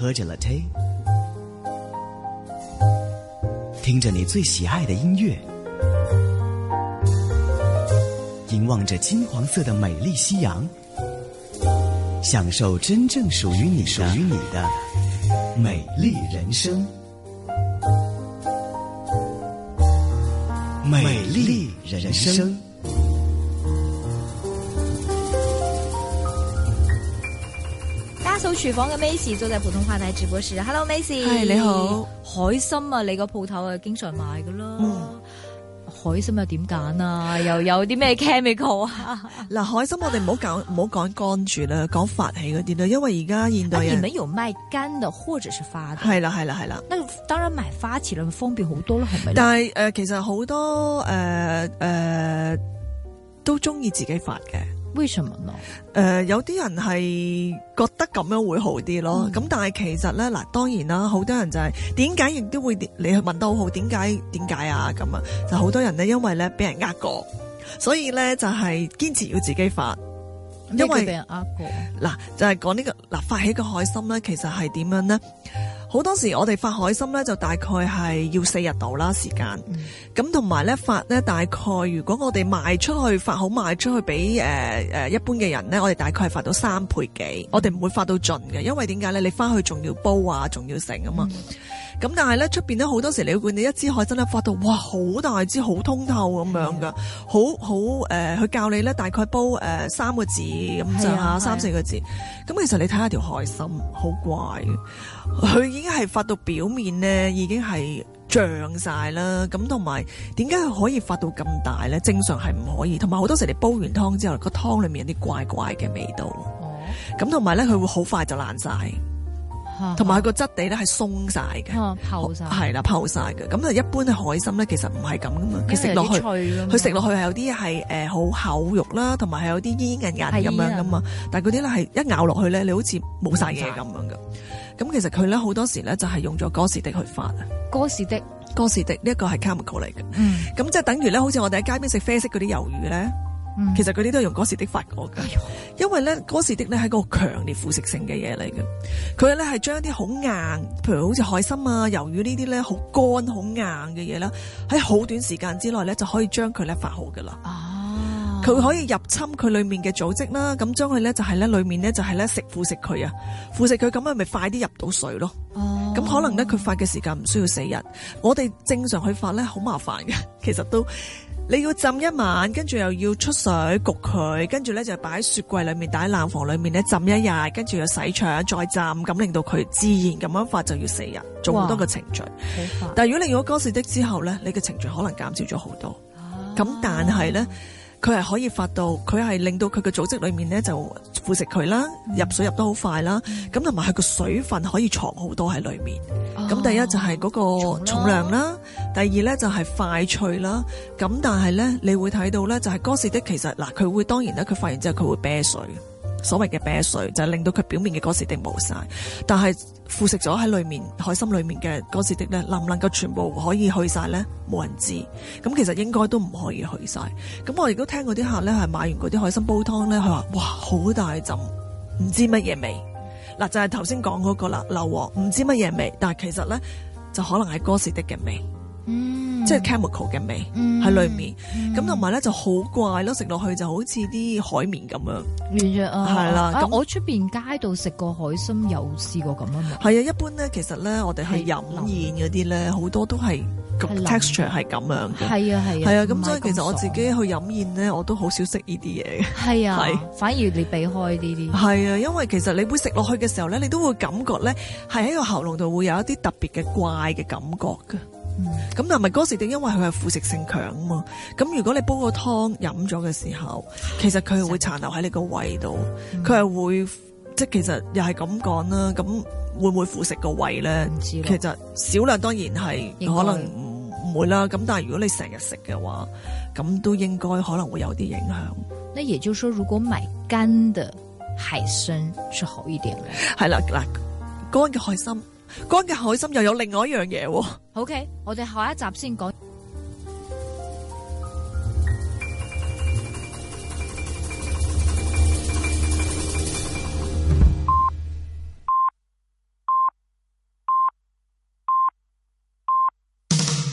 喝着 latte，聽着你最喜愛的音樂，凝望着金黃色的美麗夕陽，享受真正屬於你的、屬於你的美麗人生。美麗人生。廚 y，家嫂廚房嘅 Maisie 坐喺普通話台直播室，Hello Maisie 係、hey, 你好，海參啊，你個鋪頭啊經常買嘅咯。海參、嗯、又點揀啊？嗯、又有啲咩 chemical 啊？嗱、嗯 啊，海參我哋唔好講唔好講乾住啦，講發起嗰啲啦，因為而家現代人唔係用賣乾的，或者是發，的。係啦係啦係啦。啦啦當然買發起方便好多啦，係咪？但係誒、呃，其實好多誒誒、呃呃呃、都中意自己發嘅。為什麼呢？誒、呃，有啲人係覺得咁樣會好啲咯，咁、嗯、但係其實咧，嗱當然啦，好多人就係點解亦都會你去問得好，點解點解啊？咁啊，就好多人咧，因為咧俾人呃過，所以咧就係堅持要自己發，嗯、因為俾人呃過。嗱，就係講呢個嗱發起個海參咧，其實係點樣呢？好多時我哋發海參咧，就大概係要四日度啦時間。咁同埋咧，發咧大概，如果我哋賣出去發好賣出去俾誒誒一般嘅人咧，我哋大概係發到三倍幾。嗯、我哋唔會發到盡嘅，因為點解咧？你翻去仲要煲啊，仲要成啊嘛。嗯咁但係咧，出邊咧好多時你會見你一支海參咧發到哇，好大支，好通透咁樣噶，好好誒，佢、呃、教你咧大概煲誒、呃、三個字咁上下，的三四個字。咁的其實你睇下條海參好怪佢、嗯、已經係發到表面咧，已經係脹晒啦。咁同埋，點解佢可以發到咁大咧？正常係唔可以。同埋好多時你煲完湯之後，個湯裏面有啲怪怪嘅味道。哦、嗯。咁同埋咧，佢會好快就爛晒。同埋佢個質地咧係鬆晒嘅，啊，泡曬係啦，泡曬嘅咁啊。一般海參咧，其實唔係咁噶嘛，佢食落去，佢食落去係有啲係誒好厚肉啦，同埋係有啲煙韌韌咁樣噶嘛。但係嗰啲咧係一咬落去咧，你好似冇晒嘢咁樣嘅。咁其實佢咧好多時咧就係用咗哥士迪去發哥士迪，哥士迪呢一個係 chemical 嚟嘅。嗯，咁即係等於咧，好似我哋喺街邊食啡色嗰啲魷魚咧。其實佢哋都係用嗰時的發我噶，因為咧嗰時的咧係個強烈腐蝕性嘅嘢嚟嘅，佢咧係將一啲好硬，譬如好似海參啊、魷魚呢啲咧好乾、好硬嘅嘢咧，喺好短時間之內咧就可以將佢咧發好噶啦。哦，佢可以入侵佢裏面嘅組織啦，咁將佢咧就係咧裏面咧就係咧食腐蝕佢啊，腐蝕佢咁樣咪快啲入到水咯。哦，咁可能咧佢發嘅時間唔需要四日，我哋正常去發咧好麻煩嘅，其實都。你要浸一晚，跟住又要出水焗佢，跟住咧就擺喺雪櫃裏面，擺喺冷房裏面咧浸一日，跟住又洗腸再浸，咁令到佢自然咁樣發就要四日，做咁多個程序。但係如果你用咗哥士的之後咧，你嘅程序可能減少咗好多。啊。咁但係咧，佢係可以發到，佢係令到佢嘅組織裏面咧就腐蝕佢啦，入水入得好快啦，咁同埋佢個水分可以藏好多喺裏面。哦、啊。咁第一就係嗰個重量啦。第二咧就係快脆啦，咁但係咧你會睇到咧就係哥士的其實嗱佢會當然咧佢發現之後佢會啤水，所謂嘅啤水就係令到佢表面嘅哥士的冇晒。但係腐蝕咗喺裡面海參裡面嘅哥士的咧能唔能夠全部可以去晒咧？冇人知。咁其實應該都唔可以去晒。咁我亦都聽過啲客咧係買完嗰啲海參煲湯咧，佢話哇好大陣唔知乜嘢味嗱就係頭先講嗰個啦硫磺唔知乜嘢味，但係其實咧就可能係哥士的嘅味。嗯，即係 chemical 嘅味喺裏面咁，同埋咧就好怪咯。食落去就好似啲海綿咁樣軟弱啊，係啦。咁我出邊街度食過海參，有試過咁樣嘛。係啊，一般咧，其實咧，我哋去飲宴嗰啲咧，好多都係個 texture 係咁樣。係啊，係啊，係啊，咁所以其實我自己去飲宴咧，我都好少食呢啲嘢嘅。係啊，反而你避開呢啲。係啊，因為其實你會食落去嘅時候咧，你都會感覺咧係喺個喉嚨度會有一啲特別嘅怪嘅感覺噶。咁、嗯、但係唔係嗰時，定因為佢係腐蝕性強啊嘛。咁如果你煲個湯飲咗嘅時候，其實佢係會殘留喺你個胃度，佢係、嗯、會即係其實又係咁講啦。咁會唔會腐蝕個胃咧？嗯、知其實少量當然係該可能唔唔會啦。咁但係如果你成日食嘅話，咁都應該可能會有啲影響。那也就是說，如果買乾的海參是好一點。係啦，嗱， 乾嘅海參。 乾嘅海參又有另外一樣嘢喎。O.K. 我哋下一集先講。